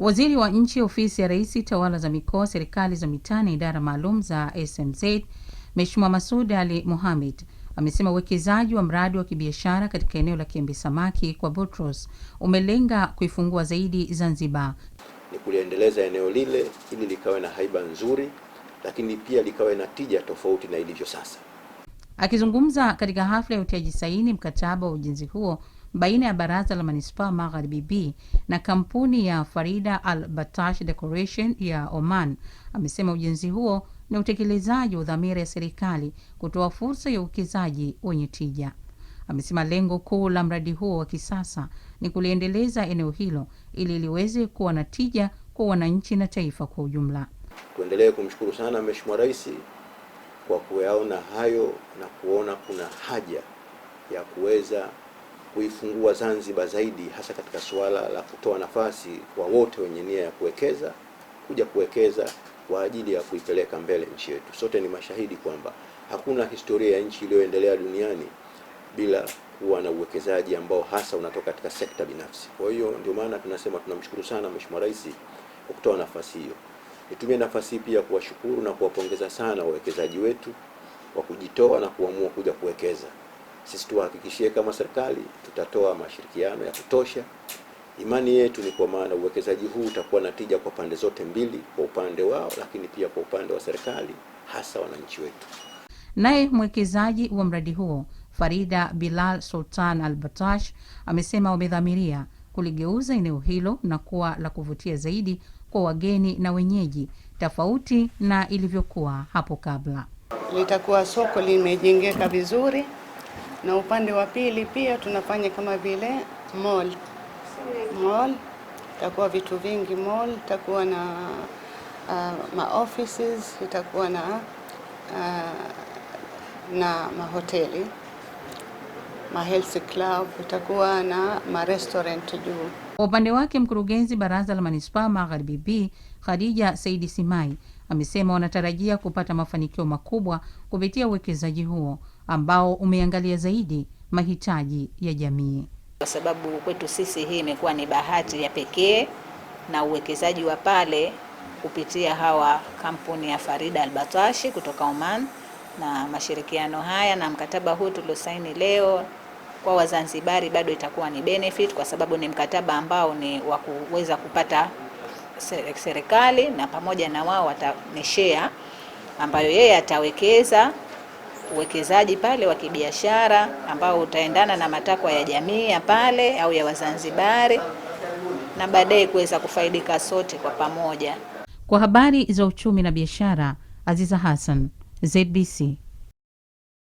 Waziri wa Nchi, Ofisi ya Rais, Tawala za Mikoa, Serikali za Mitaa na Idara Maalum za SMZ, Mheshimiwa Masud Ali Mohamed amesema uwekezaji wa mradi wa kibiashara katika eneo la Kiembe Samaki kwa Botros umelenga kuifungua zaidi Zanzibar. Ni kuliendeleza eneo lile ili likawe na haiba nzuri, lakini pia likawe na tija tofauti na ilivyo sasa. Akizungumza katika hafla ya utiaji saini mkataba wa ujenzi huo baina ya Baraza la Manispaa Magharibi B na kampuni ya Farida Al Batash Decoration ya Oman, amesema ujenzi huo ni utekelezaji wa dhamira ya serikali kutoa fursa ya uwekezaji wenye tija. Amesema lengo kuu la mradi huo wa kisasa ni kuliendeleza eneo hilo ili liweze kuwa na tija kwa wananchi na taifa kwa ujumla. Tuendelee kumshukuru sana Mheshimiwa Rais kwa kuyaona hayo na kuona kuna haja ya kuweza kuifungua Zanzibar zaidi, hasa katika suala la kutoa nafasi kwa wote wenye nia ya kuwekeza kuja kuwekeza kwa ajili ya kuipeleka mbele nchi yetu. Sote ni mashahidi kwamba hakuna historia ya nchi iliyoendelea duniani bila kuwa na uwekezaji ambao hasa unatoka katika sekta binafsi. Kwa hiyo ndio maana tunasema tunamshukuru sana Mheshimiwa Rais kwa kutoa nafasi hiyo. Nitumie nafasi hii pia kuwashukuru na kuwapongeza sana wawekezaji wetu kwa kujitoa na kuamua kuja kuwekeza. Sisi tuwahakikishie kama serikali tutatoa mashirikiano ya kutosha. Imani yetu ni kwa maana uwekezaji huu utakuwa na tija kwa pande zote mbili, kwa upande wao, lakini pia kwa upande wa serikali, hasa wananchi wetu. Naye mwekezaji wa mradi huo Farida Bilal Sultan Al-Batash amesema wamedhamiria kuligeuza eneo hilo na kuwa la kuvutia zaidi kwa wageni na wenyeji tofauti na ilivyokuwa hapo kabla. Litakuwa soko limejengeka vizuri na upande wa pili pia tunafanya kama vile mall. Mall itakuwa vitu vingi, mall itakuwa na uh, ma offices itakuwa na uh, na mahoteli ma health club itakuwa na ma restaurant juu. Kwa upande wake mkurugenzi baraza la manispaa Magharibi B Khadija Saidi Simai amesema wanatarajia kupata mafanikio makubwa kupitia uwekezaji huo ambao umeangalia zaidi mahitaji ya jamii. Kwa sababu kwetu sisi hii imekuwa ni bahati ya pekee na uwekezaji wa pale kupitia hawa kampuni ya Farida Albatashi kutoka Oman, na mashirikiano haya na mkataba huu tuliosaini leo kwa Wazanzibari bado itakuwa ni benefit, kwa sababu ni mkataba ambao ni wa kuweza kupata serikali na pamoja na wao watanishea ambayo yeye atawekeza uwekezaji pale wa kibiashara ambao utaendana na matakwa ya jamii ya pale au ya Wazanzibari na baadaye kuweza kufaidika sote kwa pamoja. Kwa habari za uchumi na biashara, Aziza Hassan, ZBC.